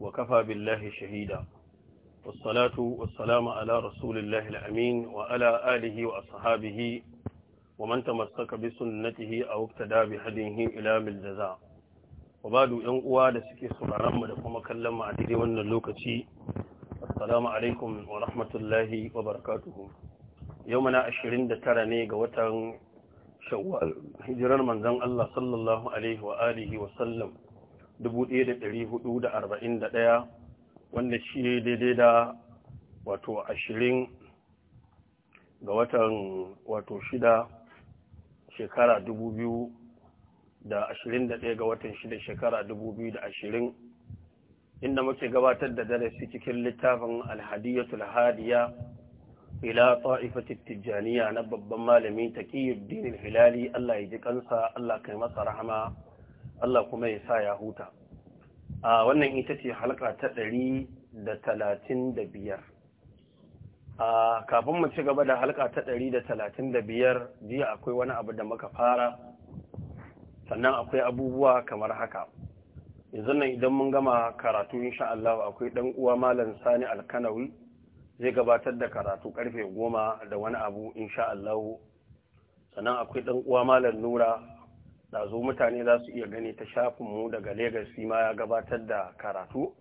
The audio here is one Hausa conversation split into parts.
وكفى بالله شهيدا والصلاة والسلام على رسول الله الأمين وعلى آله وأصحابه ومن تمسك بسنته أو اقتدى بهديه إلى بالجزاء وبعد أن أواد سكي سرعان مدفوم كلم عديد وأن اللوكتي السلام عليكم ورحمة الله وبركاته يومنا أشرين دترني قوة شوال هجران من ذن الله صلى الله عليه وآله وسلم 1441 wanda shi daidai da wato ashirin ga watan wato shida shekara dubu biyu da ashirin da ɗaya ga watan shida shekara dubu biyu da ashirin inda muke gabatar da darasi cikin littafin alhadiyatul hadiya ila ta'ifatit tijjaniya na babban yi dinin hilali Allah ya ji kansa Allah kai masa rahama Allah kuma ya sa ya huta a wannan ita ce halka ta ɗari da talatin da biyar a kafin mu ci gaba da halka ta ɗari da talatin da biyar jiya akwai wani abu da muka fara sannan akwai abubuwa kamar haka yanzu nan idan mun gama karatu insha Allah akwai dan uwa malam Sani Alkanawi zai gabatar da karatu karfe goma da wani abu insha Allah sannan akwai dan uwa malam Nura zo mutane za su iya gani ta shafin mu daga Legas ma ya gabatar da karatu.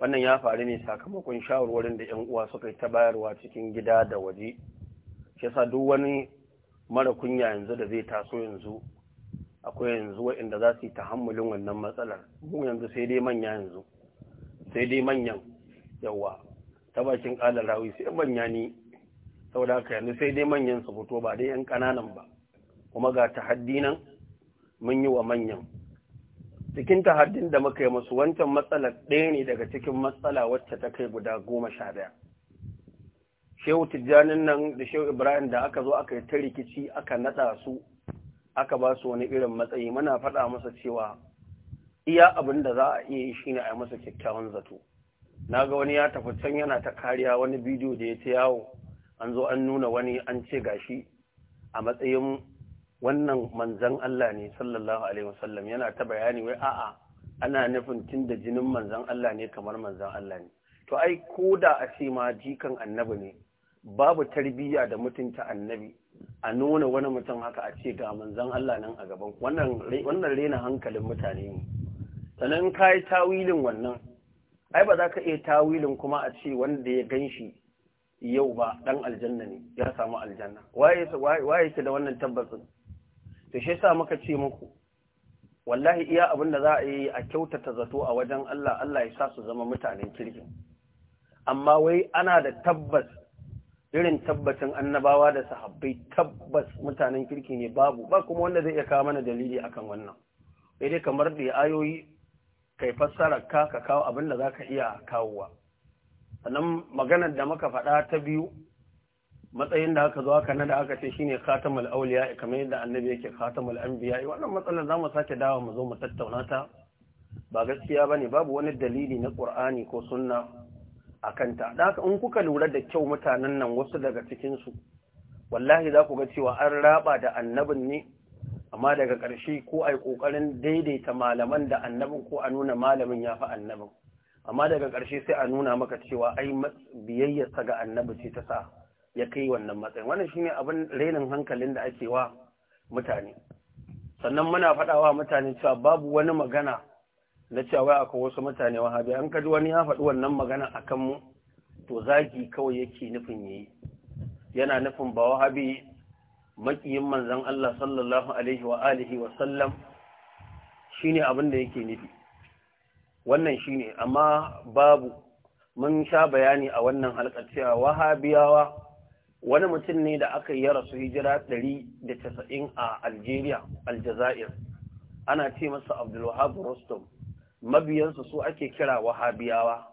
Wannan ya faru ne sakamakon shawarwarin da ‘yan uwa suka yi ta bayarwa cikin gida da waje. Shi yasa duk wani mara kunya yanzu da zai taso yanzu akwai yanzu waɗanda za su yi tahammulin wannan matsalar. Mu yanzu sai dai manya yanzu. Sai dai manyan yawa ta bakin ƙalar rawi sai manya ni saboda haka yanzu sai dai manyan su fito ba dai ‘yan ƙananan ba. Kuma ga tahaddi nan mun yi wa manyan cikin haddin da muka yi masu wancan matsala ɗaya ne daga cikin matsala wacce ta kai guda goma sha ɗaya shehu tijjanin nan da shehu ibrahim da aka zo aka yi ta rikici aka naɗa su aka ba su wani irin matsayi muna faɗa masa cewa iya abin da za a iya yi shine a yi masa kyakkyawan zato na ga wani ya tafi can yana ta kariya wani bidiyo da ya ta yawo an zo an nuna wani an ce gashi a matsayin wannan manzan Allah ne sallallahu alaihi wasallam yana ta bayani wai a'a ana nufin tun da jinin manzan Allah ne kamar manzan Allah ne to ai ko da a ce ma jikan annabi ne babu tarbiyya da mutunta annabi a nuna wani mutum haka a ce ga manzan Allah nan a gaban wannan wannan rena hankalin mutane ne sannan ka yi tawilin wannan ai ba za ka iya tawilin kuma a ce wanda ya gan shi yau ba dan aljanna ne ya samu aljanna waye waye ke da wannan tabbacin to shi yasa muka ce muku wallahi iya abin da za a yi a kyautata zato a wajen Allah Allah ya sa su zama mutanen kirki amma wai ana da tabbas irin tabbacin annabawa da sahabbai tabbas mutanen kirki ne babu ba kuma wanda zai iya kawo mana dalili akan wannan sai dai kamar da ayoyi kai fassara ka ka kawo abin da zaka iya kawowa sannan maganar da muka faɗa ta biyu matsayin da aka zo aka da aka ce shine khatamul auliya kamar yadda annabi yake khatamul anbiya wannan matsalar zamu sake dawo mu zo mu tattauna ta ba gaskiya bane babu wani dalili na qur'ani ko sunna akan ta haka in kuka lura da kyau mutanen nan wasu daga cikin su wallahi za ku ga cewa an raba da annabin ne amma daga ƙarshe ko ai kokarin daidaita malaman da annabin ko a nuna malamin ya yafi annabin amma daga ƙarshe sai a nuna maka cewa ai biyayyarsa ga annabi ce ta sa ya kai wannan matsayin wannan shine abin renin hankalin da ake wa mutane sannan muna faɗawa mutane cewa babu wani magana na cewa akwai wasu mutane wahabi an kaji wani ya faɗi wannan magana akan mu to zagi kawai yake nufin yayi yana nufin ba wahabi makiyin manzon Allah sallallahu alaihi wa alihi wa sallam shine abin da yake nufi wannan shine amma babu mun sha bayani a wannan halkar cewa wahabiyawa wani mutum ne da aka yi rasu hijira 190 a Algeria, Aljazair, ana ce masa Abdulwahab Rostom, mabiyansu su ake kira Wahabiyawa.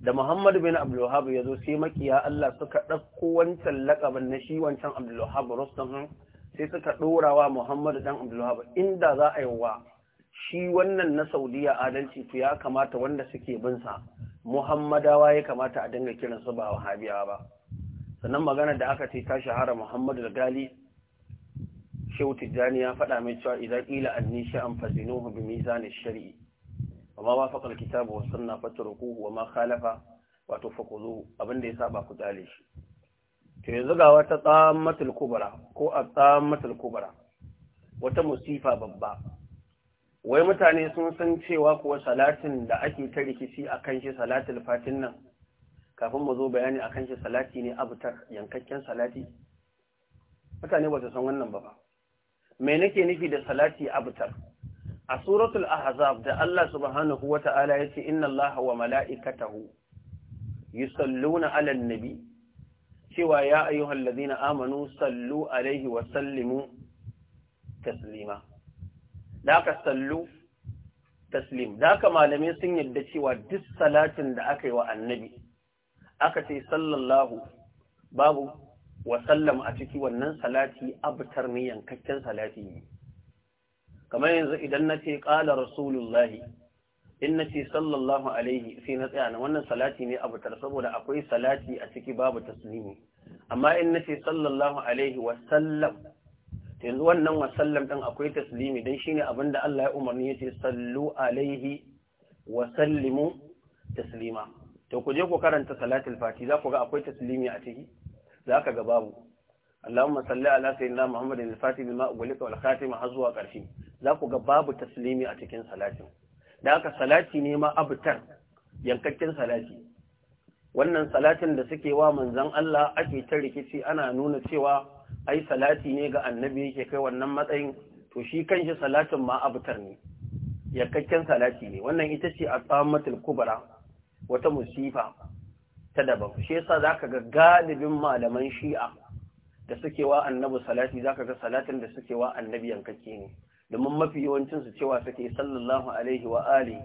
Da Muhammadu bin Abdulwahab ya zo sai makiya Allah suka ɗauko wancan laƙabin na shi wancan Abdulwahab Rostom sai suka ɗora wa Muhammadu dan Abdulwahab inda za a yi wa shi wannan na Saudiya adalci to ya kamata wanda suke binsa Muhammadawa ya kamata a dinga kiransu ba Wahabiyawa ba. sannan magana da aka ce ta shahara muhammadu gali shehu tijjani ya faɗa mai cewa idan ƙila an nishi an fasino hu bi mizanin shari'i ma ba faƙar kitabu wa sunna fataruku wa ma khalafa wato fakuzu abinda ya saba ku shi to yanzu ga wata tsammatul kubara ko a tsammatul kubara wata musifa babba wai mutane sun san cewa kuwa salatin da ake ta rikici a kan shi salatul fatin nan kafin mu zo bayani akan shi salati ne abutar yankakken salati mutane ba su san wannan ba ba me nake nufi da salati abutar a suratul ahzab da Allah subhanahu wata'ala ya inna allaha wa mala'ikatahu yusalluna 'alan nabi cewa ya ayyuhal ladina amanu sallu alaihi wa sallimu taslima da ka sallu taslim da ka malamai sun yadda cewa duk salatin da aka yi wa annabi aka ce sallallahu babu wa sallam a ciki wannan salati abtar ne yankakken salati ne kamar yanzu idan na ce ƙala rasulullahi in na ce sallallahu alaihi sai na tsaya na wannan salati ne abtar saboda akwai salati a ciki babu taslimi amma in na ce sallallahu alaihi wa sallam yanzu wannan wa sallam din akwai taslimi dan shine abinda Allah ya umarni yace sallu alaihi wa sallimu taslima Da ku je ku karanta salatul fati za ku ga akwai taslimi a ciki za ka ga babu Allahumma salli ala sayyidina Muhammadin al-Fatih bima ugulika wal khatim hazwa zuwa za ku ga babu taslimi a cikin salatin da haka salati ne ma abtar yankakken salati wannan salatin da suke wa manzon Allah ake ta rikici ana nuna cewa ai salati ne ga annabi yake kai wannan matsayin to shi kanshi salatin ma abtar ne yankakken salati ne wannan ita ce a tsamatul kubra wata musifa ta daban shi yasa zaka ga galibin malaman shi'a da suke wa annabi salati zaka ga salatin da suke wa annabi yankake ne domin mafi yawancin su cewa suke sallallahu alaihi wa alihi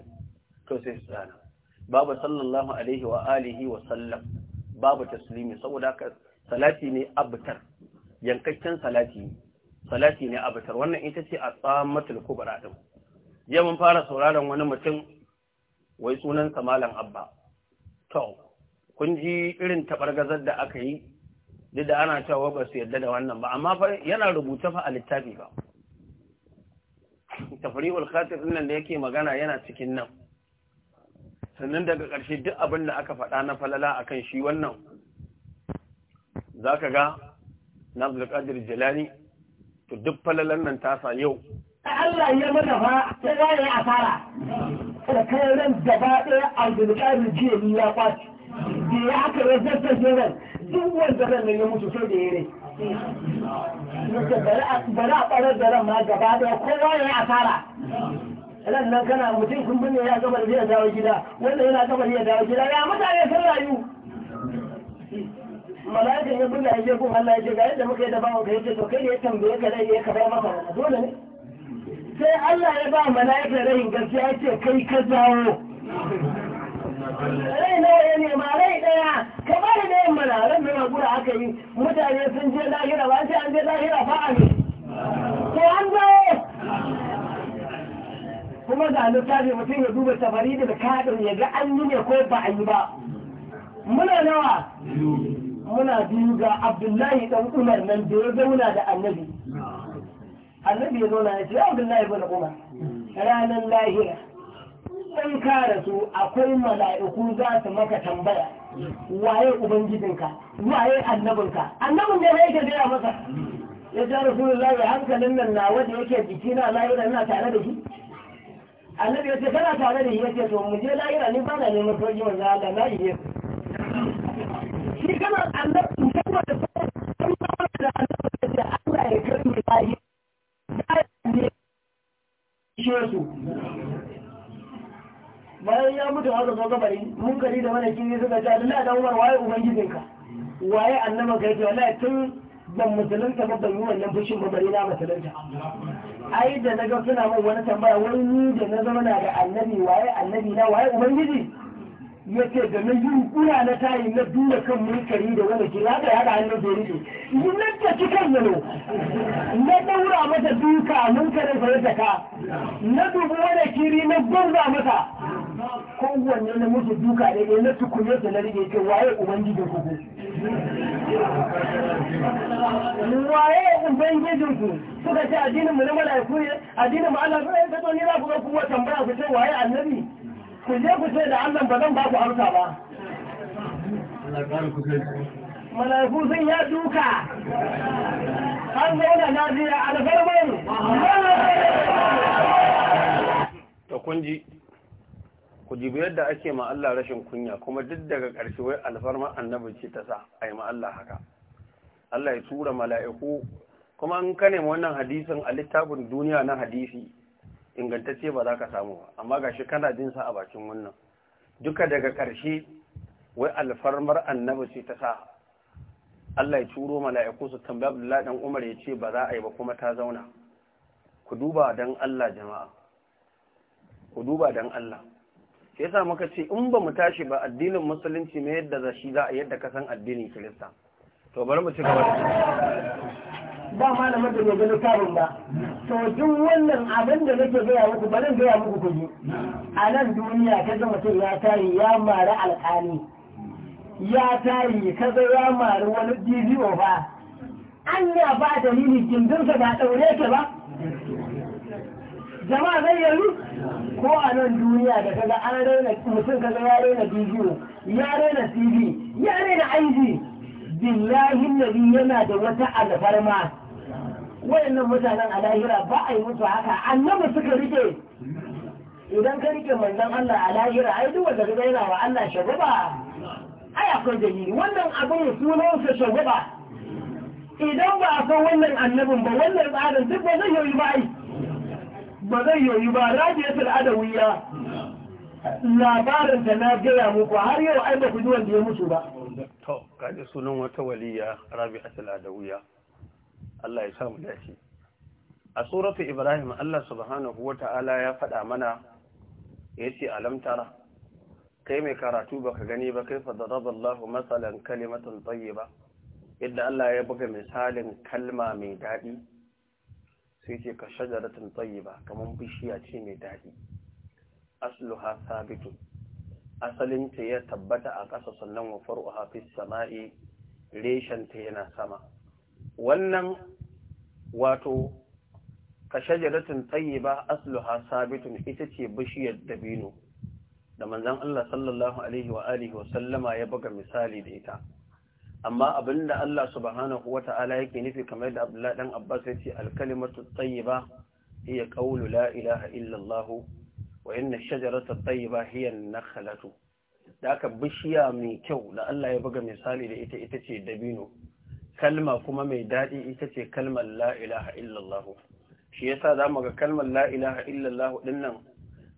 to sai su tsana babu sallallahu alaihi wa alihi wa sallam babu taslimi saboda haka salati ne abtar yankakken salati salati ne abtar wannan ita ce a tsamatul kubra din yau mun fara sauraron wani mutum wai sunansa malam abba to kun ji irin taɓargazar da aka yi duk da ana cewa ba su yarda da wannan ba amma fa yana rubuta fa a littafi ba tafri'ul khatir nan da yake magana yana cikin nan sannan daga ƙarshe duk abin da aka faɗa na falala akan shi wannan zaka ga na Qadir Jalani to duk falalan nan ta sa yau Allah ya mana fa ta gane asara da kayan ran gaba ɗaya abdulkadir jiyani ya kwaci da ya aka yi zazzage ran duk wanda ran ya mutu sai da ya rai bari a ɓarar da ran ma gaba ɗaya kowa ya yi asara ran nan kana mutum kun binne ya gabar zai dawo gida wanda yana gabar ya dawo gida ya mutane sun rayu mala'ikan ya binne ya je kun Allah ya ce ga yadda muka yi da bawa ka yace to kai ne ya tambaye ka dai ya ka bai maka dole ne Allah ya ba mala'ika rayin gaskiya ce kai ka jawo rai nawa ya nema rai daya kamar da yin mana ran da magura aka yi mutane sun je lahira ba sai an je lahira fa a ne ko an jawo kuma ga littafi mutum ya duba safari da kaɗin ya ga an yi ne ko ba a yi ba muna nawa muna biyu ga abdullahi ɗan umar nan da ya zauna da annabi annabi ya zauna ya ce ya abdullahi bin umar ranar lahira in kare su akwai mala'iku za su maka tambaya waye ubangijinka waye annabinka annabin da yake gaya masa ya ce rasulullahi hankalin nan na wanda yake jikina lahira ina tare da shi annabi ya ce kana tare da shi ya ce to mu je lahira ni ba na neman sauki manzo Allah na yi shi kana bayan mutum aka zo gabari kari da mana kiri suka ce Allah da Umar waye ka waye annaba ka yake wallahi tun ban musulunta ba ban yi wannan fushin ba bari na musulunta ai da daga suna min wani tambaya wani ni da na zama na da annabi waye annabi na waye ubangiji yace da na yi kura na tayi na duba kan kari da wani kiri haka ya da hannun zai rike yi na tafi kan yalo na daura mata duka kare sa ya taka na dubu wani kiri na gonza mata ne na musu duka ne ne na tukune su na rige ce waye ubangijin ku waye ubangijin ku suka ce addinin mu na malaiku ne addinin mu Allah ne ka zo ni za ku ga kuma tambaya ku ce waye annabi ku je ku ce da Allah ba zan ba ku amsa ba malaiku sun ya duka an zauna na lafiya alfarmai to kun ji ku jibi yadda ake ma Allah rashin kunya kuma duk daga ƙarshe wai alfarma annabi ce ta sa a yi ma Allah haka Allah ya tura mala'iku kuma an ka nemi wannan hadisin a littafin duniya na hadisi ingantacce ba za ka samu ba amma ga shi kana jin sa a bakin wannan duka daga ƙarshe wai alfarmar annabi ce ta sa Allah ya turo mala'iku su tambaya Abdullahi dan Umar ya ce ba za a yi ba kuma ta zauna ku duba dan Allah jama'a ku duba dan Allah shi yasa muka ce in ba mu tashi ba addinin musulunci ne yadda za shi za a yadda ka san addinin kirista to bari mu ci gaba da ba ma da mata gani karin ba to duk wannan abin da nake gaya muku bari gaya muku ku a nan duniya ka ga mutum ya tari ya mara alƙali ya tari ka ga ya mara wani bidiyo ba an ya ba dalili gindinsa ba ɗaure ke ba jama'a zai yanzu ko a nan duniya da kaga an raina mutum kaga ya raina bidiyo ya raina tv ya raina aiji billahi nabi yana da wata alfarma wayannan mutanen a lahira ba a yi mutu haka annabi suka rike idan ka rike manzon Allah a lahira ai duk wanda kaga yana wa Allah shagaba ai akwai dalili wannan abin sunansa shagaba idan ba a san wannan annabin ba wannan tsarin duk ba zai yi ba ai ba zai yoyi ba da adawiya labarin da na gaya muku har yau ai ba ku ji wanda ya mutu ba to kaji sunan wata waliya rabi'atul adawiya Allah ya samu dace a suratu ibrahim Allah subhanahu wata'ala ya faɗa mana yace alam tara kai mai karatu baka gani ba kai fa daraballahu masalan kalimatan tayyiba Idan Allah ya buga misalin kalma mai daɗi sai ce ka shajaratin tayyiba kamar bishiya ce mai daɗi asluha Sabitu asalin ta ya tabbata a ƙasa sannan wa far'uha fis sama'i reshen ta yana sama wannan wato ka shajaratin tayyiba asluha sabitun ita ce bishiyar dabino da manzan Allah sallallahu alaihi wa alihi wa sallama ya buga misali da ita amma abinda Allah subhanahu wata'ala yake nufi kamar da Abdullahi dan Abbas ya ce al-kalimatu tayyiba hiya qawlu la ilaha illa Allah wa inna ash-shajarata tayyiba hiya an-nakhlatu da aka bishiya mai kyau da Allah ya buga misali da ita ita ce dabino kalma kuma mai daɗi ita ce kalmar la ilaha shi yasa zamu ga kalmar la ilaha illallah dinnan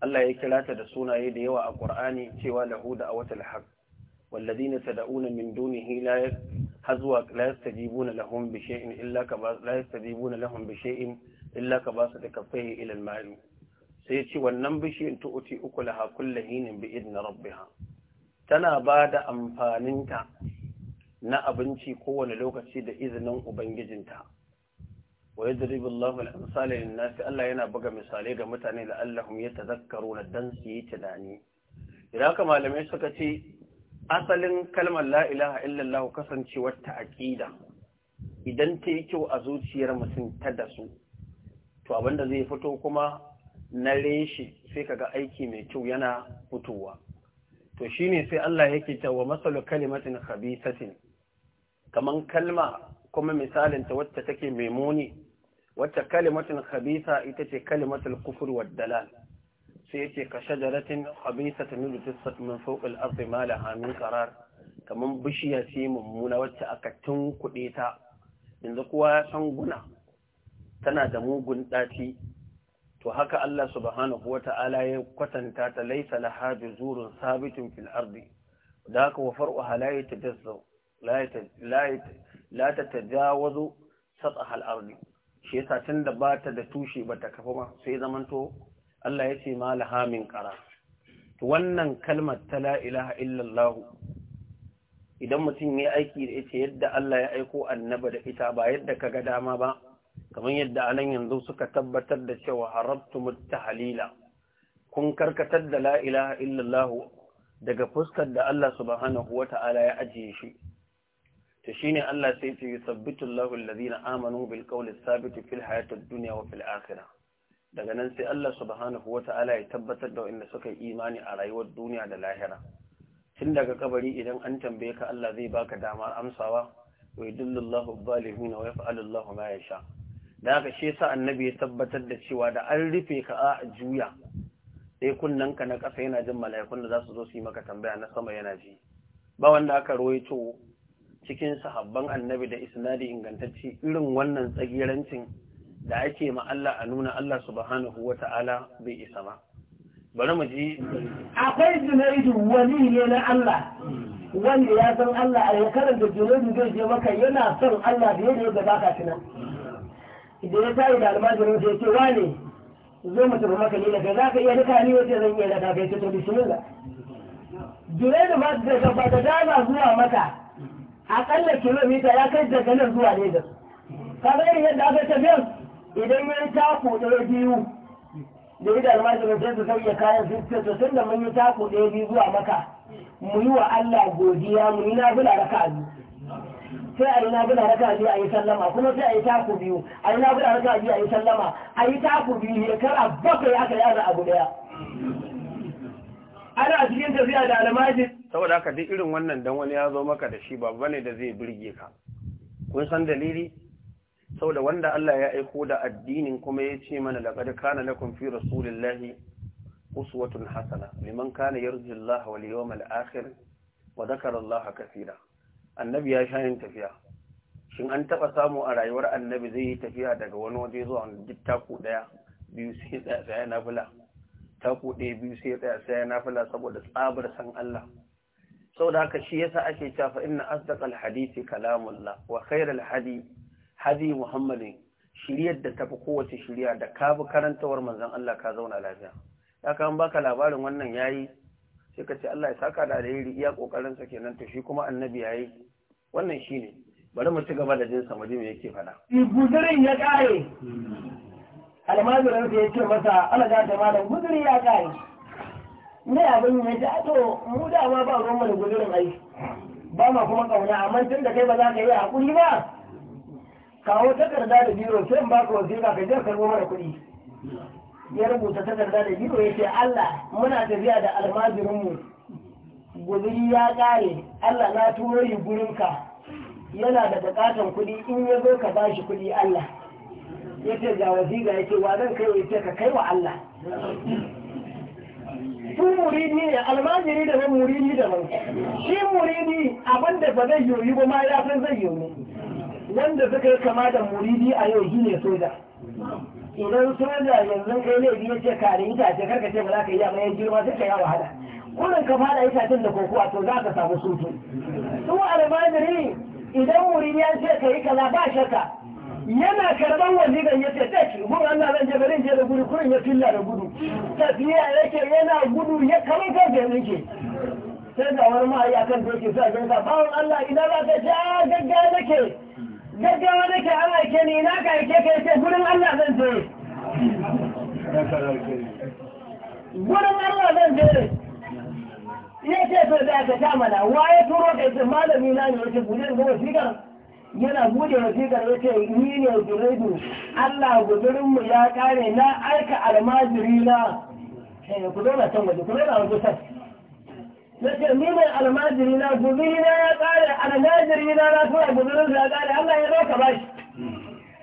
Allah ya kira ta da sunaye da yawa a Qur'ani cewa lahu da awatul haqq والذين تدعون من دونه لا حزوا لا يستجيبون لهم بشيء إلا كباس لا يستجيبون لهم بشيء إلا كباسط كفيه إلى الماء سيتي والنم بشيء تؤتي أكلها كل حين بإذن ربها تنا بعد أنفاننتا na abinci kowane lokaci da izinin ubangijinta wa yadribu Allahu al-amsal lin-nas Allah yana buga misalai ga mutane da Allahum yatazakkaruna dan su yi tunani idan ka malamai suka ce asalin kalmar la'ilaha ilaha illallah kasancewar ta aƙida. idan ta yi kyau a zuciyar mutum ta dasu to abinda zai fito kuma na reshi sai kaga aiki mai kyau yana fitowa to shine sai Allah yake ta wa masal kalimatin habisatin. kaman kalma kuma misalin ta wacce take mai muni wacce kalimatin habisa ita ce kalimatul kufur wad dalal sai yace ka shajaratin khabisatin nudutsat min fawq al ma laha min qarar kaman bishiya ce mummuna wacce aka kuɗe ta yanzu kowa ya san guna tana da mugun ɗaci to haka Allah subhanahu wata'ala ya kwatanta ta laisa laha zurun sabitun fil ardi da haka wa far'uha la yatajazzau la tatajawazu sat'a al ardi shi yasa tunda bata da tushe bata kafa ma sai zamanto Allah ya ce ma lahamin ƙara wannan kalmar ta la'ilaha illallahu idan mutum ya aiki da ita yadda Allah ya aiko annaba da ita ba yadda kaga dama ba kamar yadda anan yanzu suka tabbatar da cewa harabtumut halila. kun karkatar da la'ilaha illallahu daga fuskar da Allah subhanahu wata'ala ya ajiye shi shi shine Allah sai ya ce yusabbitu Allahu alladhina amanu bil qawli thabit fil hayatar duniya wa fil akhirah daga nan sai Allah subhanahu wata'ala ya tabbatar da wanda suka yi imani a rayuwar duniya da lahira tun daga kabari idan an tambaye ka Allah zai baka damar amsawa wa yudillullahu zalimin wa yaf'alullahu ma yasha da haka shi yasa annabi ya tabbatar da cewa da an rufe ka a juya sai kunnen ka na kasa yana jin mala'ikun da za su zo su yi maka tambaya na sama yana ji ba wanda aka rawaito cikin sahabban annabi da isnadi ingantacci irin wannan tsagirancin da ake ma Allah a nuna Allah subhanahu wa ta'ala bai isa ba. Bari mu ji. Akwai Junaidu wani ne na Allah, wanda ya san Allah a yakarar da Junaidu zai je maka yana son Allah da yadda yadda baka tuna. Idan ya tayi da almajirin sai ce wane zo mu tafi maka ne daga za ka iya duka ni wace zan iya daga kai ta to bismillah. Junaidu ba da gaba da dama zuwa maka aƙalla kilomita ya kai daga nan zuwa Lagos. Kaga irin yadda aka tafiya idan ya tako ɗaya biyu da idan da sai zai sauya kayan su ce to tun da mun yi tako ɗaya biyu zuwa maka mu yi wa Allah godiya mu yi nafila raka a biyu sai a yi nafila raka a biyu a yi sallama kuma sai a yi tako biyu a yi nafila raka a biyu a yi sallama a yi tako biyu baka bakwai aka yaza abu ɗaya ana cikin tafiya da almajir saboda haka duk irin wannan dan wani ya zo maka da shi ba bane da zai burge ka kun san dalili Sau da wanda Allah ya aiko da addinin kuma ya ce mana laqad kana lakum fi rasulillahi uswatun hasana liman kana yarju Allah wal yawmal akhir wa dhakara Allah kafira. annabi ya shayin tafiya shin an taɓa samu a rayuwar annabi zai yi tafiya daga wani waje zuwa wani taku biyu sai tsaya tsaya na fula taku biyu sai tsaya tsaya na fula saboda tsabar san Allah Sau da haka shi yasa ake cewa fa inna alhadisi hadisi la, wa khairal hadisi hadi muhammadin shiryar da tafi kowace shirya da ka bi karantawar manzan Allah ka zauna lafiya ya an baka labarin wannan yayi sai ka ce Allah ya saka da alheri iya kokarin sa kenan to shi kuma annabi yayi wannan shine bari mu ci gaba da jin sa mutum yake fada guzurin ya kare almajiran ya yake masa Allah ya ta malam guzurin ya kare ne abin ya ji to mu da ma ba ruwan mu da guzurin ai ba ma kuma kauna amma tun da kai ba za ka yi hakuri ba kawo takarda da biro sai in baka wasiƙa ka je karbo mana kuɗi ya rubuta takarda da biro ya ce Allah muna tafiya da almajirinmu guzuri ya ƙare Allah na turo yi gurinka yana da buƙatan kuɗi in ya zo ka ba shi kuɗi Allah ya ce ga wasiƙa ya ce wa zan kai ya ce ka kai wa Allah su muridi ne almajiri da daban muridi daban shi muridi abinda da ba zai yoyi ba ma ya san zai yoyi wanda suka yi kama da muridi a yau shi ne soja idan soja yanzu kai laifi ya ce ka da itace karka ce ba za ka yi amma ya girma sai ka yi wahala kullum ka ita itacen da kokowa to za ka samu sutu su almajiri idan muridi ya ce ka yi kaza ba shakka yana karban waziran ya ce tek gudu an zan je garin da gudu kurin ya filla da gudu tafiya yake yana gudu ya kamar kanka yake sai da wani ma'aikatan da yake sa ganka bawon Allah idan za ka ja ah, gaggawa nake gaggawa ke an aike ni na ka aike ka yace gurin Allah zan je gurin Allah zan je ya ce to da ka ta mana waye turo ka yace malami na ne yace gurin gaba shigar yana buɗe bude wasiƙar ya ce ni ne jiraidu Allah guzurinmu ya kare na aika almajiri na eh, ku zauna can waje ku zauna waje can nake ni ne almajiri na guzuri na ya kare almajiri na na tura guzurin ya kare Allah ya zo ka bashi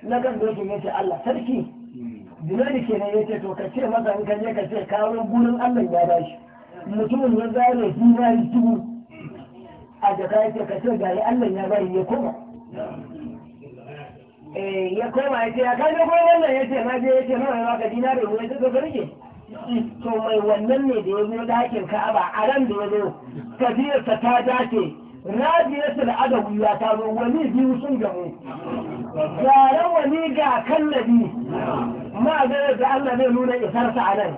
na kan su yace Allah sarki dinari kenan yace to ka ce masa in kan je ka ce kawo gurin Allah ya bashi mutumin ya zare yi dubu a jaka yace ka ce gari Allah ya bayi eh, ya koma ya koma yace ya kaje gurin wannan yace ma je yace ma ka dinari ne zai zo zarge. to mai wannan ne da ya zo dakin ka'aba a ran da ya zo kabirarsa ta dace rajiyarsa da adabu ya ta zo wani biyu sun gamu gara wani ga kallabi ma ga da Allah zai nuna isarsa a nan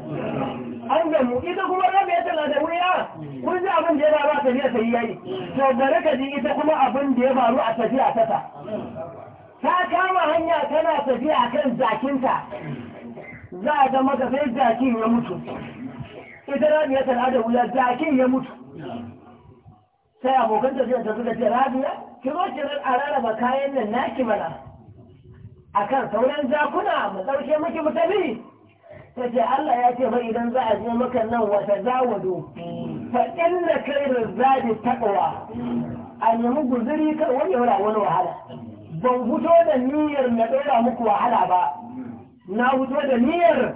an gamu ita kuma rabiya tana da wuya kun ji abin da ya ba tafiya yi yayi to gare ka ji ita kuma abin da ya faru a tafiya ta ta kama hanya tana tafiya kan zakinta za a ga maka sai jakin ya mutu ita ya tara da wuya jakin ya mutu sai abokan tafiya ta da ce ya ki zo ki a rarraba kayan nan naki mana A kan sauran jakuna mu ɗauke miki mutane ta ce Allah ya ce bai idan za a je maka nan wata zawado fa inna kairar zabi taɓawa a nemi guzuri kar wani wani wahala ban fito da niyyar na ɗora muku wahala ba na fito da niyyar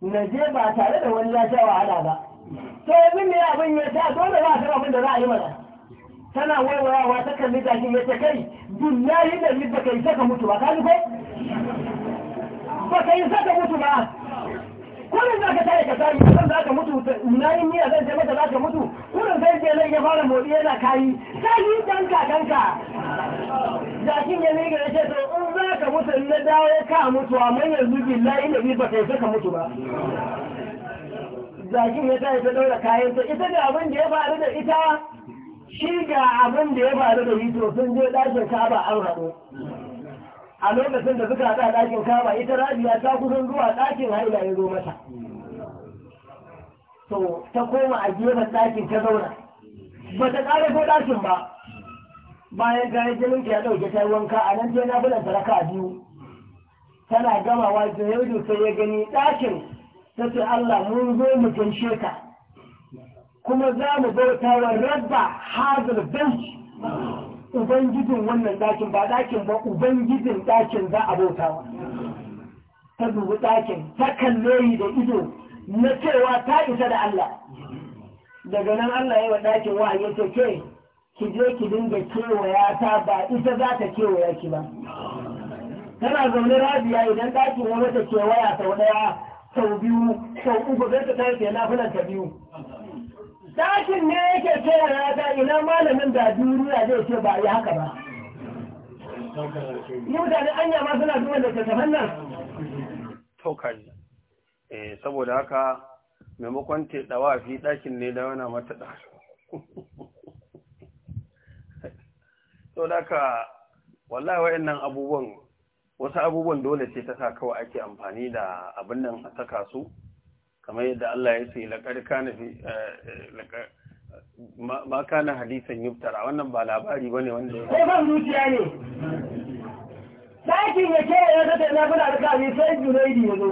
na je ba tare da wani ya sha wahala ba to yanzu ne abin ya sha dole ba san abin da za a yi mana tana waiwayawa ta kalli gashin ya ce kai yi da ni baka yi saka mutu ba ka ji ko baka yi saka mutu ba kurin za ka tare ka sami kan za ka mutu na yin miya zan ce mata za ka mutu kurin sai ce nan ya fara motsi yana kayi sai yi danka danka jakin ya miƙa ya ce to in za ka mutu na dawo ya ka mutu a amma yanzu billahi da bi ba kai ka mutu ba jakin ya tare ta daura kayan to ita da abin da ya faru da ita shi ga abin da ya faru da hito sun je ɗakin kaba an haɗu a lokacin da suka haɗa ɗakin kama, ita rabiya ta kusan zuwa ɗakin haila ya zo mata to ta koma a gefen ɗakin ta zauna ba ta ƙara ko ɗakin ba bayan kayan jinin ta ya ɗauke ta wanka a nan jiya na bulan taraka a biyu tana gamawa da yau sai ya gani ɗakin ta ce Allah mun zo mu gaishe ka kuma za mu bauta wa rabba hazir bench ubangijin wannan ɗakin ba ɗakin ba ubangijin ɗakin za a bauta wa. ta dubi ɗakin ta kalle da ido na cewa ta isa da Allah daga nan Allah ya wa ɗakin wa ya ce ke ki je ki dinga kewaya ta ba ita za ta kewaya ki ba tana zaune rabiya idan ɗakin ya mata kewaya sau ɗaya sau biyu sau uku zai ta tafi na fulanta biyu ɗakin ne yake kewaya ina malamin da duniya zai ce ba a yi haka ba ni mutane anya ma suna zuwa da tattafan nan Tokar. eh saboda haka maimakon te dawa fi ɗakin ne da wana mata da So da ka wallahi wayannan abubuwan wasu abubuwan dole ce ta sa kawai ake amfani da abin nan a saka su kamar yadda Allah ya ce laƙar kana fi eh, eh, ma kana hadisan yuftara wannan ba labari bane wanda ya sai eh, ban zuciya ne dakin ya ce ya zata na kuna da kaji sai junaidi ya zo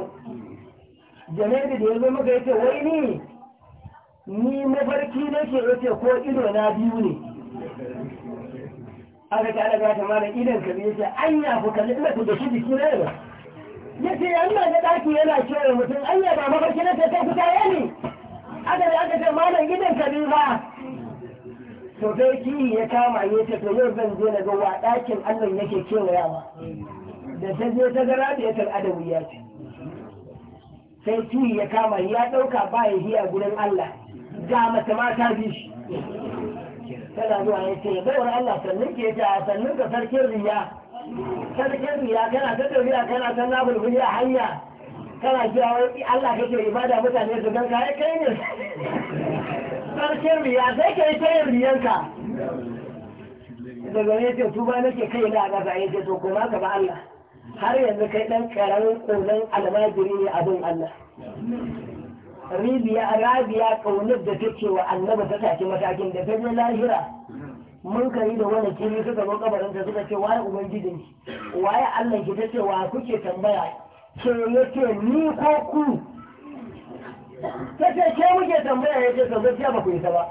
junaidi da ya zo muka yace wai ni ni mafarki nake yace ko ido na biyu ne aka ta daga ta mana idan ka yace anya ku kalli ina ku da shi jiki ne ba yace yana da daki yana cewa mutum anya ba mafarki ke kai ku ba to sai ki ya kama ne ta to yau zan je na ga wa ɗakin Allah yake kewayawa da ta je ta gara da yatar adawi ya ce sai ki ya kama ya ɗauka ba ya hiya gurin Allah ga mata mata bi shi tana zuwa ya ce baiwar Allah sannin ke ta sannin ka sarkin riya sarkin riya kana ta tafiya kana ta na a hanya kana cewa Allah kake ibada mutane su ganka ya kai ne Ƙarshen riya sai ka yi ta yin riyanka daga ne ce tuba nake kai na a ƙasa yake to kuma ka ba Allah har yanzu kai ɗan ƙaramin kunan almajiri ne abin Allah ribiya rabiya kaunar da take wa annaba ta take matakin da ta je lahira mun kari da wani kiri suka zo kabarin ta suka ce waye ubangijin waye Allah ki ta ce wa kuke tambaya ke yake ni ko ku ta ce ke muke tambaya ya ce sau gaskiya ba ku isa ba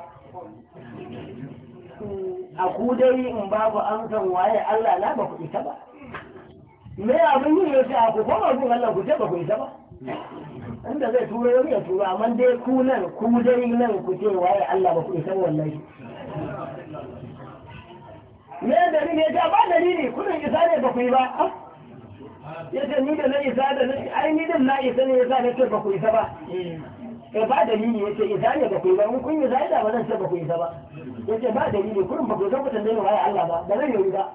a ku dai in babu an san waye Allah na ba ku isa ba me abin yin yace a ku koma gun Allah ku ce ba ku isa ba inda zai turo yau ya turo amma dai ku nan ku dai nan ku ce waye Allah ba ku isa ba wallahi me dalili ya ce ba dalili kullum isa ne ba ku yi ba ya ce ni da na isa da na ai ni din na isa ne ya sa na ce ba ku isa ba Ka ba da dalili yace isa ne ba ku ba mun kun yi zai da ba zan ce ba ku isa ba yace ba dalili kurin ba ku san ku tambaye waye Allah ba ba zan yi ba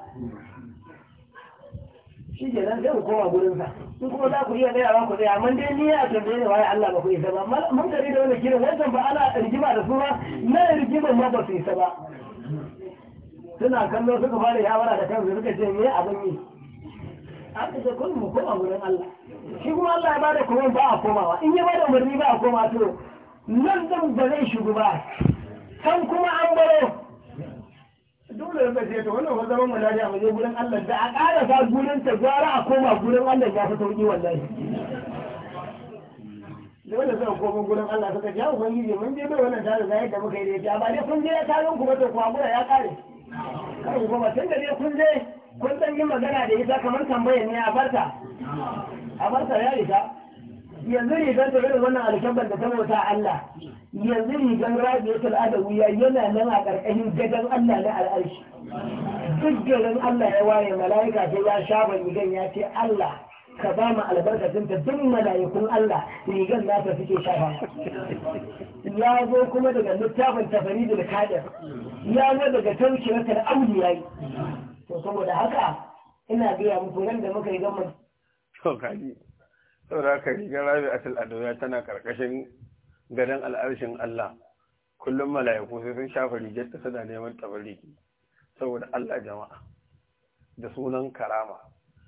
shi ke nan zai koma gurin sa in kuma za ku iya gaya wa ku tsaya man dai ni a tambaye ne waye Allah ba ku isa ba mun gari da wannan kiran wancan ba ana rigima da su ba na rigima ma ba su isa ba suna kallo suka fara yawara da kansu suka ce me abin yi aka ce kullum mu koma gurin Allah shi kuma Allah ya ba da kuma ba a komawa in ya ba da umarni ba a koma to nan zan ba zai shigo ba kan kuma an baro dole da ce to wannan wanda zaman mulariya mu je gurin Allah da a ƙara sa gurin ta gwara a koma gurin Allah ya fi sauki wallahi dole zan koma gurin Allah suka ji ya ubangiji mun je bai wannan tare da yadda muka yi da ya ba dai kun je ya tarin ku ba to kuma ya kare kan ku ba tun da dai kun je kun san yi magana da ita kamar tambayar ne a farta amma ta ya riga yanzu rigar da irin wannan alkaban da ta bauta Allah yanzu rigar rabiyatul adawiya yana nan a ƙarƙashin gadon Allah na al'arshi duk garin Allah ya waye mala'ika sai ya shafa rigar ya ce Allah ka ba mu albarkacin ta duk mala'ikun Allah rigan nasa suke shafa ya zo kuma daga littafin tafaridul kadar ya zo daga taushiyar ta da yi. to saboda haka ina gaya muku nan da muka yi gama to kaji saboda ka rigar rabi a adoya tana karkashin gadon al'arshin Allah kullum mala'iku sai sun shafa rigar ta suna neman tabariki saboda Allah jama'a da sunan karama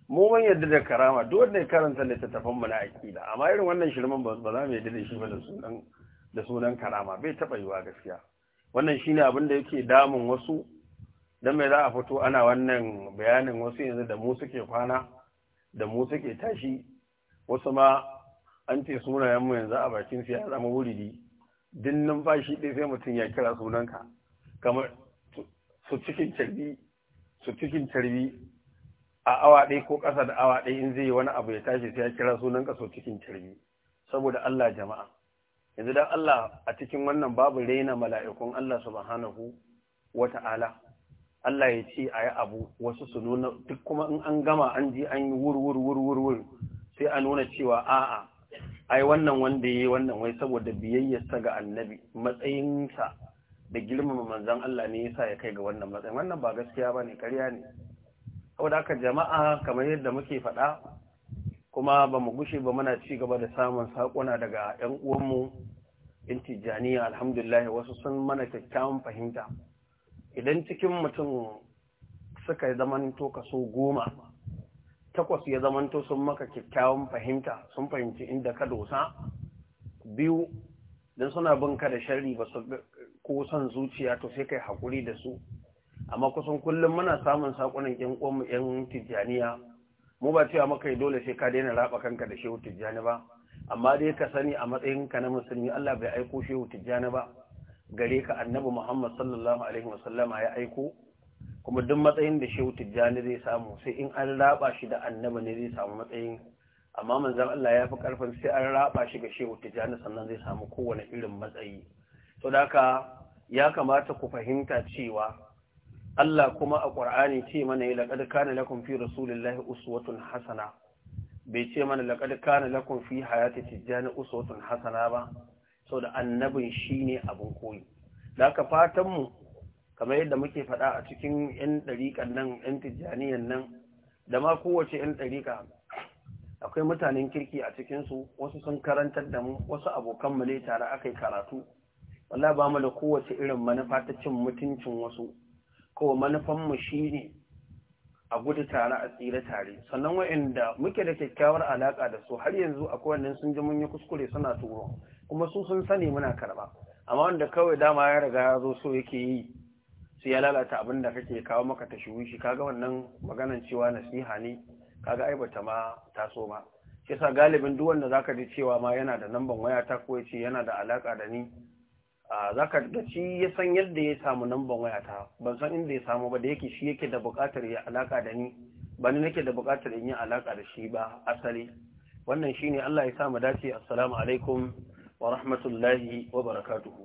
mu ban yadda da karama duk wanda ya karanta littattafan mu na aqida amma irin wannan shirman ba za mu yadda da shi ba da sunan da sunan karama bai taba yiwa gaskiya wannan shine abin da yake damun wasu dan mai za a fito ana wannan bayanin wasu yanzu da mu suke kwana da mu suke tashi wasu ma an ce sunayenmu yanzu a bakin sai ya zama wuridi din numfashi ɗaya sai mutum ya kira sunanka kamar su cikin carbi su cikin carbi a awa ɗaya ko ƙasa da awa ɗaya in zai yi wani abu ya tashi sai ya kira sunanka su cikin carbi saboda Allah jama'a yanzu dan Allah a cikin wannan babu raina mala'ikun Allah subhanahu wata'ala Allah ya ce a yi abu wasu su nuna duk kuma in an gama an ji an yi wurwurwurwur sai a nuna cewa a'a ai wannan wanda ya yi wannan wai saboda biyayyarsa ga annabi matsayinsa da girmama manzan Allah ne yasa ya kai ga wannan matsayin wannan ba gaskiya ba ne karya ne saboda haka jama'a kamar yadda muke faɗa kuma ba mu gushe ba muna ci gaba da samun saƙona daga 'yan uwanmu in tijjaniya alhamdulillah wasu sun mana kyakkyawan fahimta idan cikin mutum suka zamanto kaso goma takwas ya zamanto sun maka kyakkyawan fahimta sun fahimci inda ka dosa biyu don suna bin ka da sharri ba su ko son zuciya to sai kai haƙuri da su amma kusan kullum muna samun sakunan ƴan ƙwanmu yan tijjaniya mu ba cewa maka yi dole sai ka daina raba kanka da shehu tijjani ba amma dai ka sani a matsayinka na musulmi Allah bai aiko shehu tijjani ba gare ka annabi Muhammad sallallahu alaihi wasallama ya aiko kuma duk matsayin da Shehu Tijjani zai samu sai in an raba shi da annabi ne zai samu matsayin amma manzon Allah ya fi karfin sai an raba shi ga Shehu Tijjani sannan zai samu kowane irin matsayi to haka ya kamata ku fahimta cewa Allah kuma a ƙur'ani ce mana ya laqad kana lakum fi rasulillahi uswatun hasana bai ce mana laqad kana lakum fi hayati tijjani uswatun hasana ba da annabin shi ne abin koyi da aka fatanmu mu kamar yadda muke faɗa a cikin yan ɗariƙan nan yan tijjaniyan nan da ma kowace yan ɗariƙa akwai mutanen kirki a cikinsu wasu sun karantar da mu wasu abokanmu ne tare aka yi karatu wallah ba mu da kowace irin manufa ta cin mutuncin wasu kawai manufanmu shi ne a gudu tare a tsira tare sannan wa'inda muke da kyakkyawar alaƙa da su har yanzu akwai wannan sun ji mun yi kuskure suna turo kuma su sun sani muna karba amma wanda kawai dama ya riga ya zo so yake yi sai ya lalata abin da kake kawo maka ta shi kaga wannan maganan cewa nasiha ne kaga ai bata ma taso ma shi yasa galibin duk wanda zaka ji cewa ma yana da namban waya ta ko yace yana da alaka da ni a zaka ga shi ya san yadda ya samu namban waya ta ban san inda ya samu ba da yake shi yake da buƙatar ya alaka da ni ba ni nake da buƙatar in yi alaka da shi ba asali wannan shine Allah ya sa mu dace assalamu alaikum ورحمة الله وبركاته